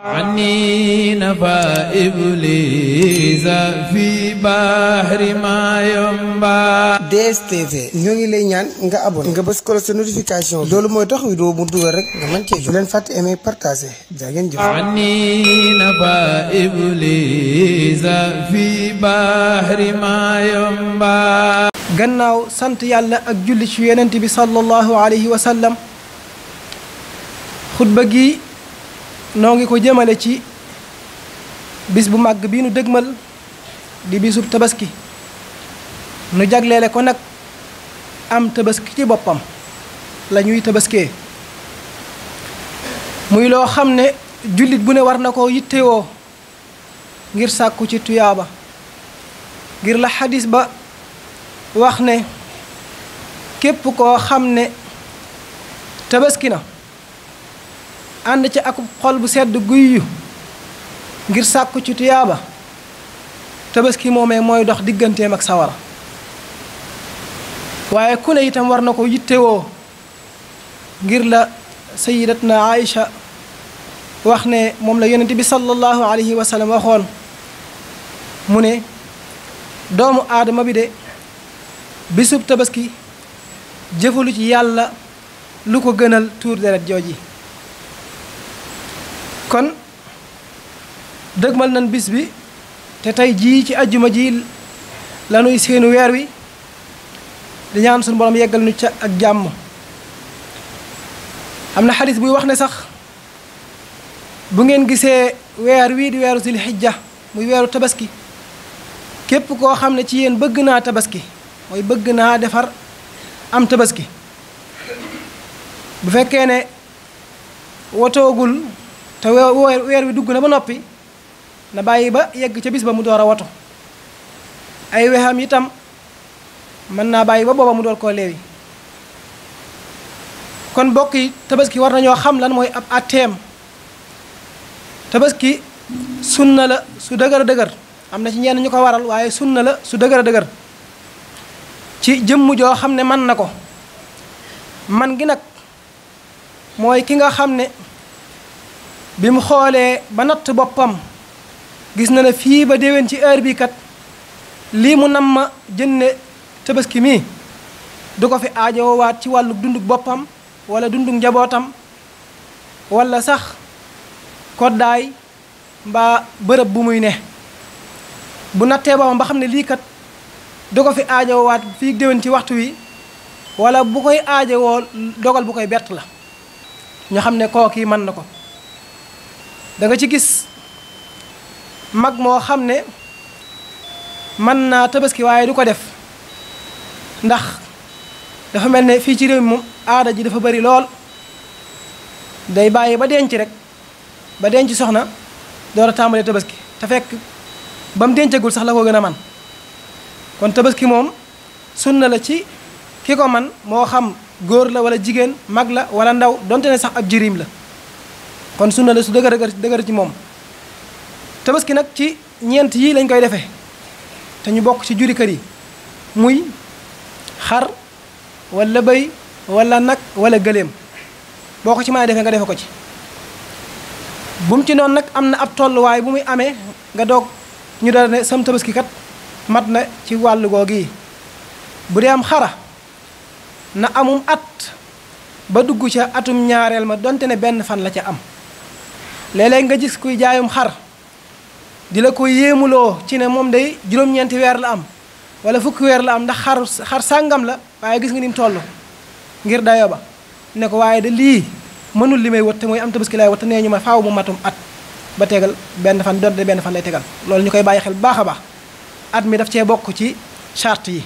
عني نفى إبليس في بحر ما ينبع DSTV ñoo ngi lay ñaan nga abonné nga bës ko sa notification loolu mooy tax vidéo mu dugal rek nga mën cee jox leen fàtte aimer partager jaa ngeen jëf عني gannaaw sant yàlla ak julli ci yonent bi sallallahu alayhi wa xutba gi noo ngi ko jëmale ci bis bu màgg bi nu dëgmal di bisub tabaski nu jagleele ko nag am tabaski ci boppam la ñuy muy loo xam ne jullit bu ne war na ko yittewoo ngir sàkku ci tuyaaba ngir la xadis ba wax ne képp koo xam ne tabaski na ànd ci ak xol bu sedd guyyu ngir sàkku ci tuyaaba tabaski moomee mooy dox digganteem ak sawara waaye ku ne itam war na ko yittewoo ngir la sayidatna Aïcha wax ne moom la yonent bi sallallahu alayhi wa sallam waxoon mu ne doomu aadama bi de bisub tabaski jëfalu ci yàlla lu ko gënal tuur deret jooji kon dëgmal nañ bis bi te tey jii ci ajjuma ji lanuy seenu weer wi di ñaan suñu borom yeggal nu ca ak jàmm am na xadis buy wax ne sax bu ngeen gisee weer wii di weeru sil xijja muy weeru tabaski képp koo xam ne ci yéen bëgg naa tabaski mooy bëgg naa defar am tabaski bu fekkee ne wotoogul te weer weer wi dugg na ba noppi na bàyyi ba yegg ca bis ba mu door a watu ay wexam itam mën naa bàyyi ba booba mu door koo leewi kon bokk yi tabaski war nañoo xam lan mooy ab atteem tabaski sunna la su dëgër dëgër am na ci ñenn ñu ko waral waaye sunna la su dëgër dëgër ci jëmm joo xam ne man na ko man gi nag mooy ki nga xam ne bi mu xoolee ba natt boppam gis na ne fii ba déwén ci heure bii kat lii mu nam ma jënne tabaski mii du ko fi aajowaat ci wàllu dundug boppam wala dundug njabootam walla sax koddaay mbaa bërëb bu muy ne bu nattee boppam ba xam ne lii kat du ko fi aajowaat fii déwén ci waxtu wi walla bu koy aajowoo dogal bu koy bett la ñu xam ne kooki mën na ko da nga ci gis mag moo xam ne mën naa tabaski waaye du ko def ndax dafa mel ne fii ci réew mi moom aada ji dafa bari lool day bàyyi ba denc rek ba denc soxna door a tàmbalee tabaski te fekk ba mu dencagul sax la ko gën a man kon tabaski moom sunna la ci ki ko man moo xam góor la wala jigéen mag la wala ndaw donte ne sax ab jirim la kon sunna la su deugar deugar ci mom tabaski nak ci ñent yi lañ koy defé té ñu bok ci juri kër yi muy xar wala bay wala nak wala gelem boko ci ma defé nga defé ko ci bu ci non nak am na tollu way bu muy amé nga dog ñu ne sam tabaski kat mat na ci walu gogi. bu am xara na amum at ba dugg ci atum ñaarel ma donte ne benn fan la ca am léeg nga gis kuy jaayum xar di la ko yéemuloo ci ne moom day juróom-ñeenti weer la am wala fukki weer la am ndax xar xar sàngam la waaye gis nga ni mu ngir dayo ba ne ko waaye de lii mënul li may te mooy am tabaski laay nee ñu ma faaw mu matum at ba tegal benn fan doonte benn fan lay tegal loolu ñu koy bàyyi xel baax a baax at mi daf cee bokk ci charte yi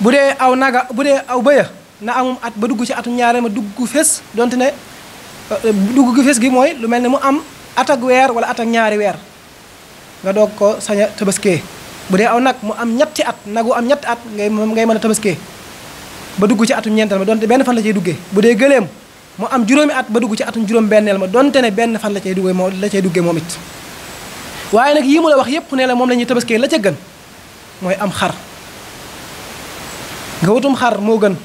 bu dee aw naga bu dee aw bëya na amum at ba dugg ci atum ñaaree ma dugg fés donte ne Euh, euh, dugg gi fes gi mooy lu mel ne mu am at ak weer wala at ak ñaari weer nga doog ko sañ a tabaskee bu dee aw nag mu am ñetti at nagu am ñetti at ngay ngay mën a tabaskee ba dugg ci atum ñeenteel ma donte benn fan la cay duggee bu dee gëleem mu am juróomi at ba dugg ci atum juróom ma donte ne benn fan la cay duggee moom la cay duggee moom it waaye nag yii mu la wax yépp ne la moom la ñuy tabaskee la ca gën mooy am xar nga wutum xar moo gën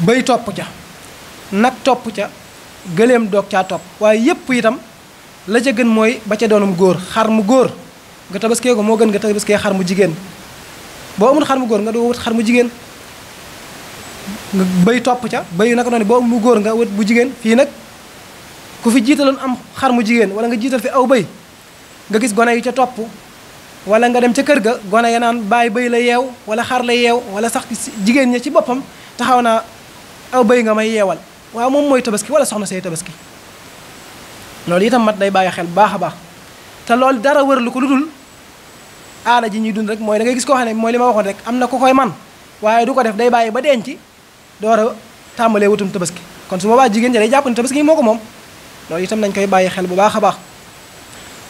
bay topp ca Nak top ca gëleem dok ca top. waye yep itam la ca gën moy ba ca donum góor xar mu góor nga tabaske ko mo gën nga tabaske xar mu jigen bo amul xar mu góor nga do wut xar mu jigen bay top ca bay nak non bo mu góor nga wut bu jigen fi nak ku fi jitalon am xar mu jigen wala nga jital fi aw bay nga gis gona yu ca top wala nga dem ca kër ga gona ya nan bay bay la yew wala xar la yew wala sax jigen ñi ci bopam taxaw aw bay nga may yewal waaw moom mooy tabaski wala soxna say tabaski loolu itam mat day bàyyi xel bu baax a baax te loolu dara wër lu ko lu dul aana ji ñuy dund rek mooy da ngay gis koo xam ne mooy li ma waxoon rek am na ko koy man waaye du ko def day bàyyi ba denc door a tàmbalee wutum tabaski kon su boobaa jigéen ñi day jàpp ne moo ko moom loolu itam nañ koy bàyyi xel bu baax a baax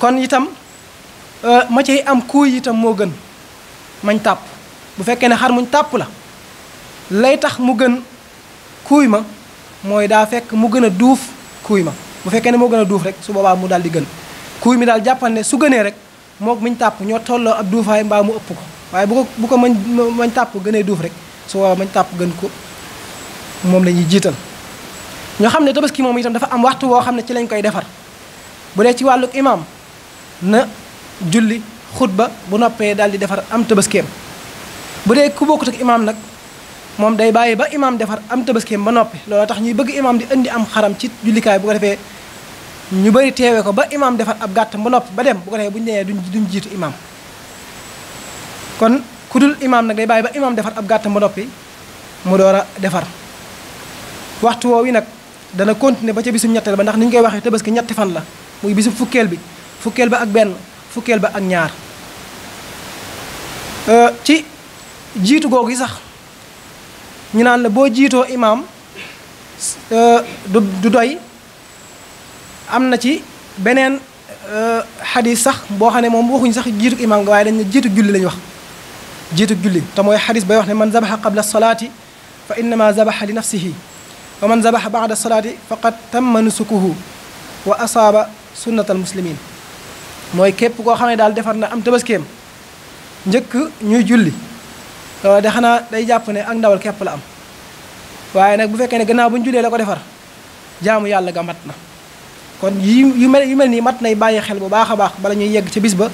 kon itam euh, ma cay am kuuy itam moo gën mañ tàpp bu fekkee ne xar muñ tàpp la lay tax mu gën kuuy ma mooy daa fekk mu gën a duuf kuuy ma bu fekkee ne moo gën a duuf rek su boobaa mu daal di gën kuuy mi daal jàppal ne su gënee moo mook miñ tàpp ñoo tolloo ab duufaay mbaa mu ëpp ko waaye bu ko bu ko mañ mañ tàpp gënee duuf rek su boobaa mañ tàpp gën ko moom lañuy jiital ñoo xam ne tabaski moom itam dafa am waxtu woo xam ne ci lañ koy defar bu dee ci wàllu imaam na julli xutba bu noppee daal di defar am tabaskeem bu dee ku bokkut ak imaam nag moom day bàyyi ba imaam defar am tabaskeem ba noppi looloo tax ñuy bëgg imaam di indi am xaram ci jullikaay bu ko defee ñu bëri teewe ko ba imaam defar ab gàttam ba noppi ba dem bu ko defee bu ñu duñ duñ jiitu imaam kon ku dul imaam nag day bàyyi ba imaam defar ab gàttam ba noppi mu door a defar waxtu woo woowu nag dana continuer ba ca bisum ñetteel ba ndax ni ñu koy waxee tabaski ñetti fan la muy bisum fukkeel bi fukkeel ba ak benn fukkeel ba ak ñaar ci jiitu googu yi sax ñu naan la boo jiitoo imaam du doy am na ci beneen xadis sax boo xam ne moom waxuñ sax jiitu imaam nga waaye dañ ne jiitu julli lañ wax jiitu julli te mooy xadis bay wax ne man zabaxa qabla salaati fa innama zabaxa li nafsihi wa man zabaxa baada salaati faqad tamma nusukuhu wa asaaba sunnatal muslimin mooy képp koo xam ne daal defar na am tabaskeem njëkk ñuy julli loolu euh, xanaa day jàpp ne ak ndawal képp la am waaye nag bu fekkee ne gannaaw bu ñu julee la ko defar jaamu yàlla ga mat na kon yi yu mel yu mel nii mat nay bàyyi xel bu baax a baax bala ñuy yegg ci bis ba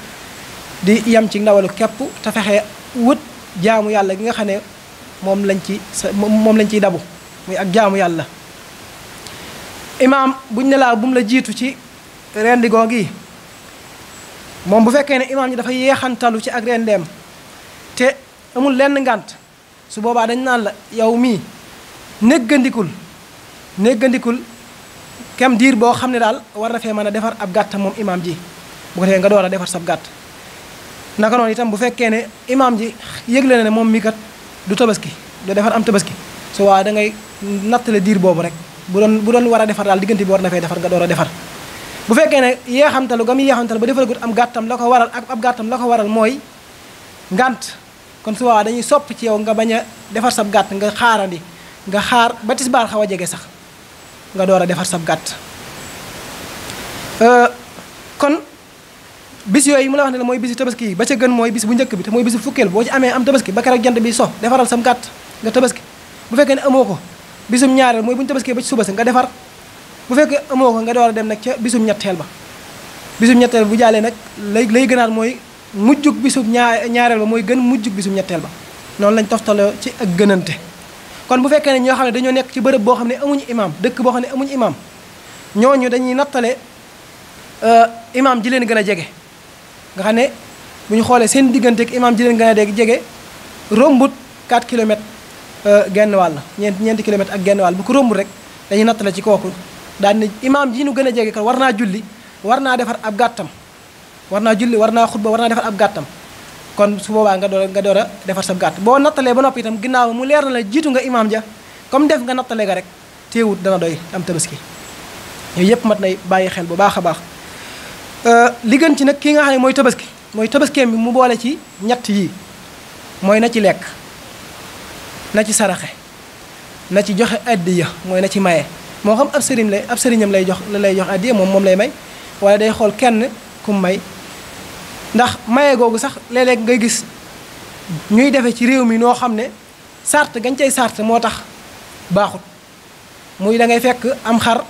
di yem ci ndawalu képp te fexe wët jaamu yàlla gi nga xam ne moom lañ ci sa moom lañ ciy dabu muy ak jaamu yàlla imaam buñ ne laa bu la jiitu ci rendigoo gi moom bu fekkee ne imaam ñi dafa yeexantalu ci ak rendeem te amul lenn ngànt su boobaa dañ naan la yow mii néggandikul néggandikul kem diir boo xam ne daal war na fee mën a defar ab gàtt moom imaam ji nga door defar sab gàtt naka noonu itam bu fekkee ne imaam ji yëgle na ne moom mii kat du tabaski du defar am tabaski su waaye dangay ngay nattale diir boobu rek bu doon bu doon war a defar daal diggante bi war na fee defar nga door a defar bu fekkee ne yeexamtalu gam yeexamtalu ba defaragut am gàttam la ko waral ak ab gàttam la ko waral mooy ngànt kon su waaw dañuy sopp ci yow nga baña defar sab gatt nga xaarandi nga xaar ba tisbar xawa a jege sax nga doora defar sab euh kon bis yoy mu la wax ne moy bis tabaski baca ba ca gën moy bis bu ñëkk bi te moy bisu fukel bo ci amé am tabaski ba keroog jant bi so defaral sam gatt nga tabaski bu fekké ne amoko ko bisum ñaaral moy bu tabaski ba ci suba nga defar bu fekké amoko nga doora dem nak ca bisum ñettel ba bisum ñettel bu jalé nak lay lay gënaat moy mujjug bisub ñaa ñaareel ba mooy gën mujjug bisub ñetteel ba noonu lañ toftaloo ci ak gënante kon bu fekkee ne ñoo xam ne dañoo nekk ci bërëb boo xam ne amuñu imaam dëkk boo xam ne amuñu imaam ñooñu dañuy nattale euh, imaam ji leen gën a jege nga xam ne bu ñu xoolee seen diggante ak imaam ji leen gën a jege rombut 4 euh, genn wàll ñeent ñeenti ak genn wàll bu ko rombut rek dañuy nattale ci kooku daal ne imaam ji nu gën a jege kon war naa julli war naa defar ab gàttam war naa julli war naa xutba war naa defar ab gàttam kon su boobaa nga door nga door a defar sa gàtt boo nattalee ba noppi itam ginnaaw mu leer na la jiitu nga imaam ja comme def nga nattalee ga rek téewut dana doy am tabaski yooyu yëpp mat na bàyyi xel bu baax a baax euh, li gën ci nag ki nga xam mooy tabaski mooy tabaskeem bi mu boole ci ñett yii mooy na ci lekk na ci saraxe na ci joxe addiya mooy na ci maye moo xam ab sëriñ lay ab sëriñam lay jox lay jox addiya moom moom lay may wala day xool kenn ku may ndax maye googu sax léeg ngay gis ñuy defe ci réew mi noo xam ne sart gañ cay sart moo tax baaxut muy da ngay fekk am xar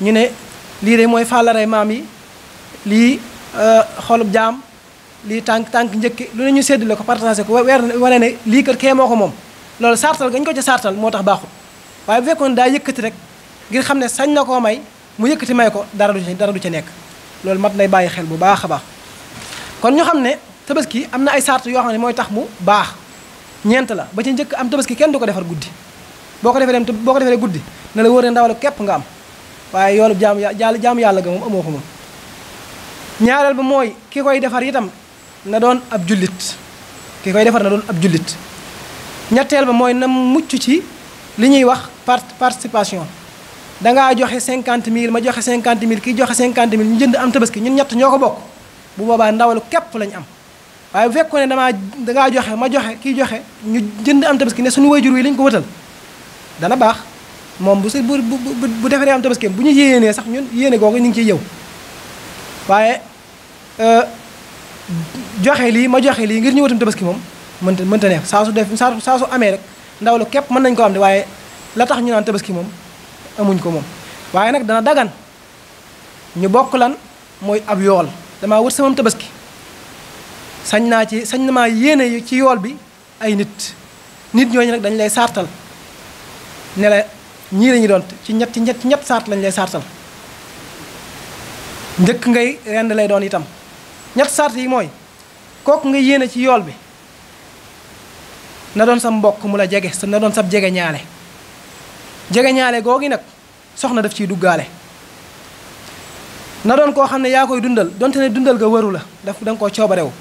ñu ne lii de mooy fàllaray maam yi lii euh, xolub jaam lii tànk tànk njëkki lu ne ñu séddale ko partagé ko weer wane ne lii kat kee moo ko moom loolu sartal gañ ko ca sartal moo tax baaxut waaye bu fekkoon daa yëkkati rek ngir xam ne sañ na koo may mu yëkkati may ko dara du ca dara du ci nekk loolu mat nay bàyyi xel bu baax a baax kon ñu xamne tabaski amna ay sartu yo xamne moy tax mu bax ñent la ba ci njëkk am tabaski kenn duko defar guddi boko defé dem boko defé defee guddi na la wër ne ndawal kep nga am waye yoolu jaamu ya, yàlla jaamu yàlla gam amo amoo ko moom ñaareel ba moy ki koy defar itam na doon ab julit ki koy defar na doon ab julit ñettel ba moy na muccu ci li ñuy wax participation da nga joxe 50000 ma joxe 50000 ki joxe 50000 ñu jënd am tabaski ñun ñett ñoko bokk bu boobaa ndawalu képp lañu am waaye bu fekkoon ne damaa dangaa joxe ma joxe kii joxe ñu jënd am tabaski ne suñu wayjur wi lañu ko wëtal dana baax moom bu si bu bu bu defaree am tabaski bu ñu yéenee sax ñu yéene googu ñu ngi ciy yow waaye euh, joxe lii ma joxe lii ngir ñu wëtam tabaski moom mënta mënta neex saa su def saa su amee rek ndaw la képp mën nañ ko am de waaye la tax ñu naan tabaski moom amuñ ko moom waaye nag dana dagan ñu bokk lan mooy ab yool damaa wër samam tabaski sañ naa ci sañ na maa yéene ci yool bi ay nit nit ñooñu nag dañ lay sartal ne ñii lañu doon ci ñett ci ñett ñett saart lañ lay saartal njëkk ngay rend lay doon itam ñett saart yi mooy kooku nga yéene ci yool bi na doon sa mbokk mu la jege na doon sab jege ñaale jege ñaale googi nag soxna daf ciy duggaale na doon koo xam ne yaa koy dundal donte ne dundal ga waru la daf da nga koo coobarewu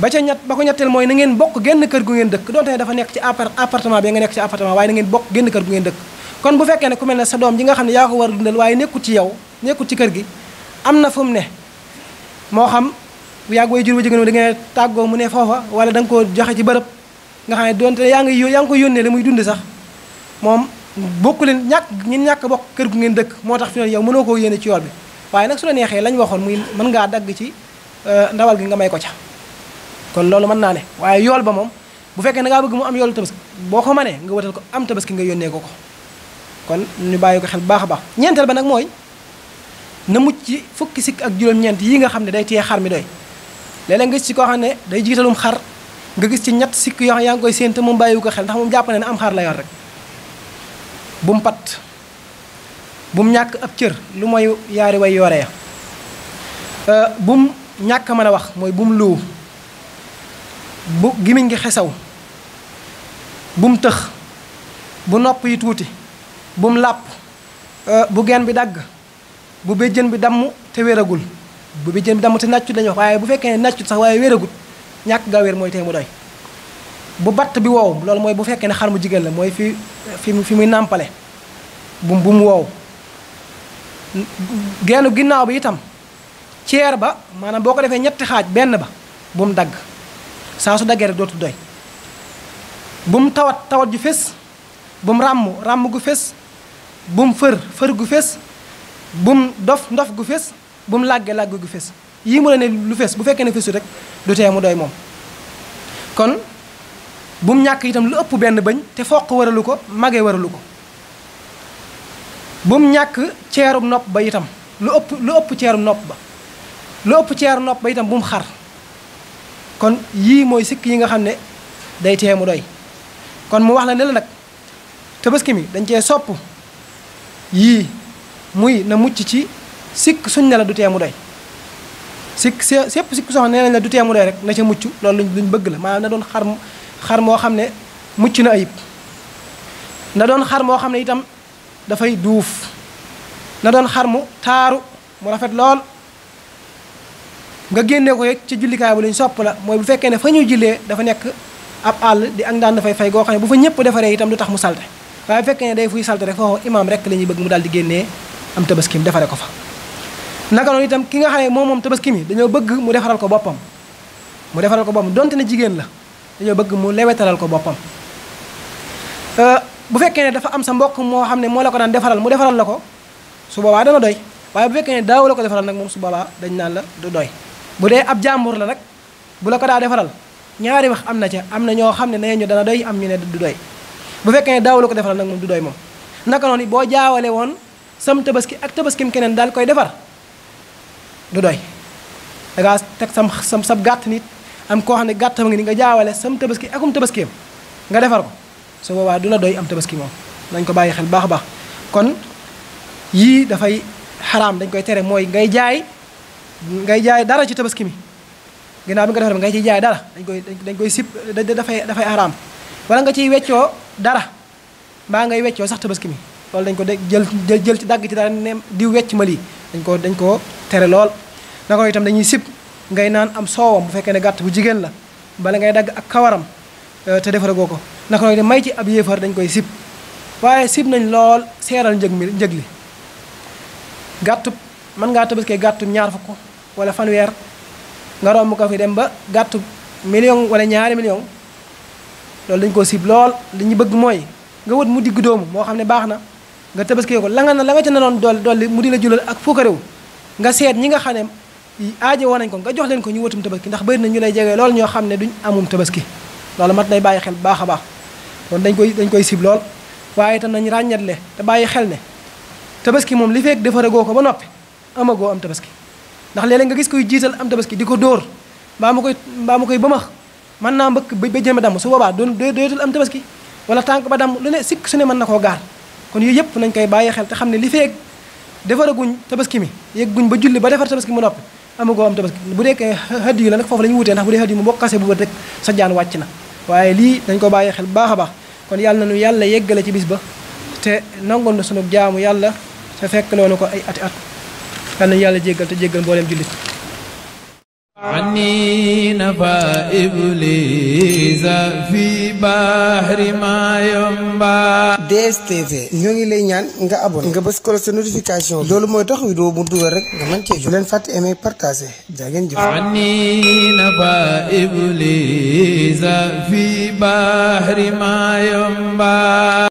ba ca ñett ba ko ñetteel mooy na ngeen bokk génn kër gu ngeen dëkk donte ne dafa nekk ci appartement bi nga nekk ci appartement waaye na ngeen bokk génn kër gu ngeen dëkk kon bu fekkee ne ku mel ne sa doom ji nga xam ne yaa ko war dundal waaye nekkul ci yow nekkul ci kër gi am na fu mu ne moo xam yàgg way jur ba jigéen da ngeen tàggoo mu ne foofa wala danga koo joxe ci bërëb nga xam ne donte yaa ngi yaa ngi ko yónnee li muy dund sax moom bokku leen ñàkk ngeen ñàkk bokk kër gu ngeen dëkk moo tax fi ne yow mënoo koo yéene ci yool bi waaye nag su la neexee lañ waxoon muy man ngaa dagg ci euh, ndawal gi nga may ko ca kon loolu mën naa ne waaye yool ba moom bu fekkee nag ngaa bëgg mu am yoolu tabaski boo ko mënee nga ko am tabaski nga yónnee ko ko kon ñu bàyyi ko xel baax a baax ñeenteel ba nag mooy na mucc ci fukki sikk ak juróom-ñeent yi nga xam ne day téye xar mi doy léeg-léeg nga gis ci koo xam ne day jiitalum xar nga gis ci ñett sikk ngi koy séen te moom bàyyiwu ko xel ndax moom jàpp ne am xar la yor rek bum pat bum ñàkk ab cër lu mooy yaari way yore ya bum ñàkk mën a wax mooy bum luu bu gimiñ gi xesaw bum tëx bu nopp yi tuuti bum làpp bu geen bi dagg bu béjjën bi damm te wéragul bu béjjën bi damm te naccu dañu wax waaye bu fekkee ne nàccut sax waaye wéragul ñàkk gaa wér mooy tey mu doy bu batt bi wow loolu mooy bu fekkee ne xar mu jigéen la mooy fi fi fi muy nàmpale bu mu wow geenu ginnaaw bi itam ceer ba maanaam boo ko defee ñetti xaaj benn ba bu mu dagg saa su daggee rek dootu doy bu mu tawat tawat ju fés bu mu ràmm ràmm gu fés bu mu fër fër gu fës bu mu dof ndof gu fés bu mu làggee làgg gu fës yii mu la ne lu fés bu fekkee na fésu rek du tee mu doy moom bu mu ñàkk itam lu ëpp benn bañ te foq waralu ko mage waralu ko bu mu ñàkk ceerub nopp ba itam lu ëpp lu ëpp nopp ba lu ëpp ceeru nopp ba itam bu mu xar kon yii mooy sikk yi nga xam ne day tee mu doy kon mu wax la ne la nag tabaski mi dañ cee sopp yii muy na mucc ci sikk suñ ne la du tee mu doy sikk sépp sikk soxna nee nañ la du tee mu doy rek na ca mucc loolu luñ bëgg la maanaam na doon xar xar moo xam ne mucc na ayib na doon xar moo xam ne itam dafay duuf na doon xar mu taaru mu rafet lool nga génne ko rek ci jullikaay bu lu ñu sopp la mooy bu fekkee ne fa ñu jullee dafa nekk ab àll di ak daan dafay fay goo xam ne bu fa ñëpp defaree itam du tax mu salte waaye bu fekkee ne day fuy salte rek foofu imaam rek la ñuy bëgg mu daal di génnee am tabaskim defare ko fa naka noonu itam ki nga xam ne moom moom tabaskim yi dañoo bëgg mu defaral ko boppam mu defaral ko boppam donte ne jigéen la dañoo bëgg mu lewetalal ko boppam euh, bu fekkee ne dafa am sa mbokk moo xam ne moo la ko daan defaral mu defaral la ko su boobaa dana doy waaye bu fekkee ne daaw la ko defaral nag moom su boobaa dañ naan la du doy bu dee ab jàmbur la nag bu la ko daa defaral ñaari wax am na ca am na ñoo xam ne nee ñu dana doy am ñu ne du doy bu fekkee ne daaw la ko defaral nag moom du doy moom naka noonu boo jaawale woon sam tabaski ak tabaskim keneen daal koy defar du doy da ngaa teg sam sam sab gàtt nit am koo xam ne gàttam ngi ni nga jaawale sam tabaski akum tabaskiyam nga defar ko su boobaa du la doy am tabaski moom dañ ko bàyyi xel baax a baax kon yii dafay xaraam dañ koy tere mooy ngay jaay ngay jaay dara ci tabaski mi ginnaaw bi nga defar ngay ciy jaay dara dañ koy dañ koy sip dafay dafay xaraam wala nga ciy weccoo dara baa ngay weccoo sax tabaski mi loolu dañ ko de jël jël ci dagg ci dara ne diw wecc ma lii dañ ko dañ ko tere lool na ko itam dañuy sip ngay naan am soowam bu fekkee ne gàtt bu jigéen la bala ngay dagg ak kawaram euh, te defaragoo ko naka noonu may ci ab yéefar dañ koy sib waaye sib nañ lool seeral njëg mi njëg li gàttub man ngaa tabaskee gàtt ñaar fukk wala fanweer nga romb ko fi dem ba gàttub million wala ñaari million loolu dañ koo sib lool dañu bëgg mooy nga wët mu digg doomu moo xam ne baax na nga tabaskee ko la nga na la nga ca nanoon dool dolli mu di la julal ak fukkaréw nga seet ñi nga xam ne aaje woon nañ ko nga jox leen ko ñu wutum tabaski ndax bëri na ñu lay jege lool ñoo xam ne duñ amum tabaski loolu mat nay bàyyi xel bu baax a baax loolu dañ koy dañ koy sib lool waaye itam nañ ràññatle te bàyyi xel ne tabaski moom li fekk defaragoo ko ba noppi amagoo am tabaski ndax léeg nga gis koy jiital am tabaski di ko dóor mbaa mu koy mbaa mu koy bëmax mën naa mbëkk ba jëm a damm su boobaa doon doyatul am tabaski wala tànk ba damm lu ne sikk su ne mën na koo gaar kon yooyu yëpp nañ koy bàyyi xel te xam ne li feek defaraguñ tabaski mi yegguñ ba julli ba defar tabaski mu noppi amagoo am tabaski bu dee hadiyu la nag foofu la ñu wutee ndax bu dee hadiyu moom boo xasee bu bët sa jaan wàcc na waaye lii dañ ko bàyyi xel baax a baax kon yàlla na nañu yàlla yeggale ci bis ba te nangoon na sunu jaamu yàlla te fekk loonu ko ay ati at yàlla nañu yàlla jéggal te jéggal mbooleem jullit عني نفى إبليس في بحر ما ينبع DSTV ñoo ngi lay ñaan nga abonné nga bës ko sa notification loolu mooy tax vidéo bu dugal rek nga mën cee jot leen fàtte aimer partager jaa ngeen